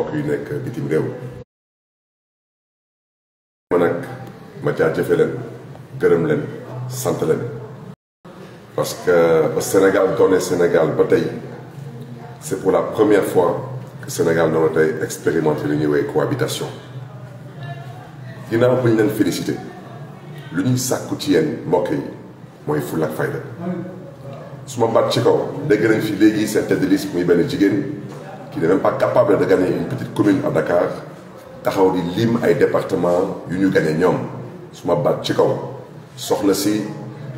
mbokk yu nekk bitim réew ma nag ma jaajëfe leen gërëm leen sant leen parce que ba Sénégal doone Sénégal ba tey c'est pour la première fois que Sénégal noonu tey expérimenté li ñuy woowee cohabitation ginnaaw bu ñu leen félicité li ñuy sàkku ci yéen mbokk yi mooy fulla ak fayda su ma baat ci kaw dégg nañ fi léegi seen tête de muy benn jigéen qui n'est même pas capable de gagner une petite commune à Dakar taxaw di lim ay département yu ñu gagné ñoom su ma baat ci kaw soxna si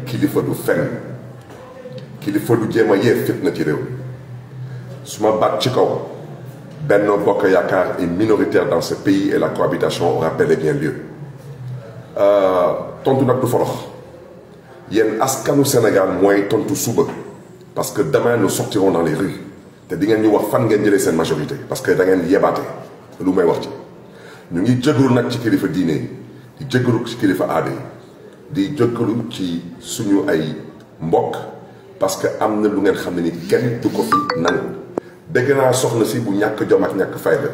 kilifa du fen kilifa du jéem a yee fitna ci réew su ma baat ci kaw benn Bokk Yaakaar est minoritaire dans ce pays et la cohabitation aura bel et bien lieu euh, tontu nag du forox yéen askanu Sénégal mooy tontu suba parce que demain nous sortirons dans les rues te di ngeen ñu wax fan ngeen jëlee seen majorité parce que da ngeen yebaate lu may wax ci ñu ngi jéggalu nag ci kilifa diine yi di jéggalu ci kilifa aada yi di jéggalu ci suñu ay mbokk parce que am na lu ngeen xam ne ni kenn du ko fi nangu dégg naa soxna si bu ñàkk jom ak ñàkk fayda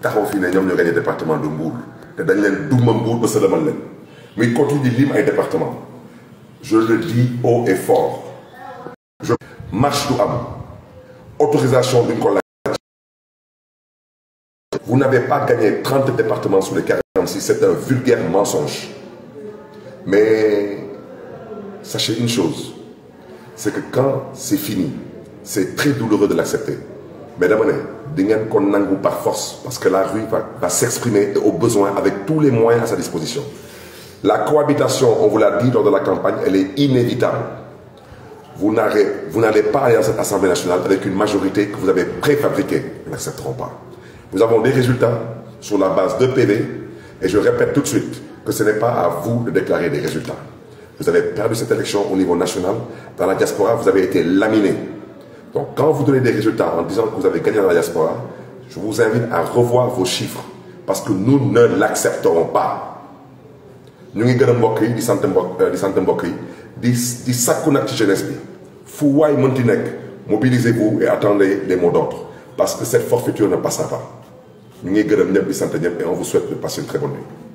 taxaw fii ne ñoom ñoo gagné département de Mbour te dañ leen duma Mbour ba sëlamal leen muy continue lim ay département je le dis haut et fort marche du am autorisation bi ñu ko laaj. vous n'avez pas gagné trente départements sur les quarante-six c'est un vulgaire mensonge mais sachez une chose c'est que quand c'est fini c'est très douloureux de l'accepter mais dama ne di ngeen ko par force parce que la rue va va s'exprimer au besoin avec tous les moyens à sa disposition la cohabitation on vous l'a dit lors de la campagne elle est inévitable vous n'allez pas aller à cette Assemblée nationale avec une majorité que vous avez préfabriquée. Nous n'accepterons pas. Nous avons des résultats sur la base de PV et je répète tout de suite que ce n'est pas à vous de déclarer des résultats. Vous avez perdu cette élection au niveau national. Dans la diaspora, vous avez été laminé. Donc quand vous donnez des résultats en disant que vous avez gagné dans la diaspora, je vous invite à revoir vos chiffres parce que nous ne l'accepterons di di sàkku nag ci jeunesse bi fu waay mënti nekk mobilisez-vous et attendez les mots d'ordre parce que cette forfaiture ne passera pas ñu ngi gërëm ñëpp di sant ñëpp et on vous souhaite de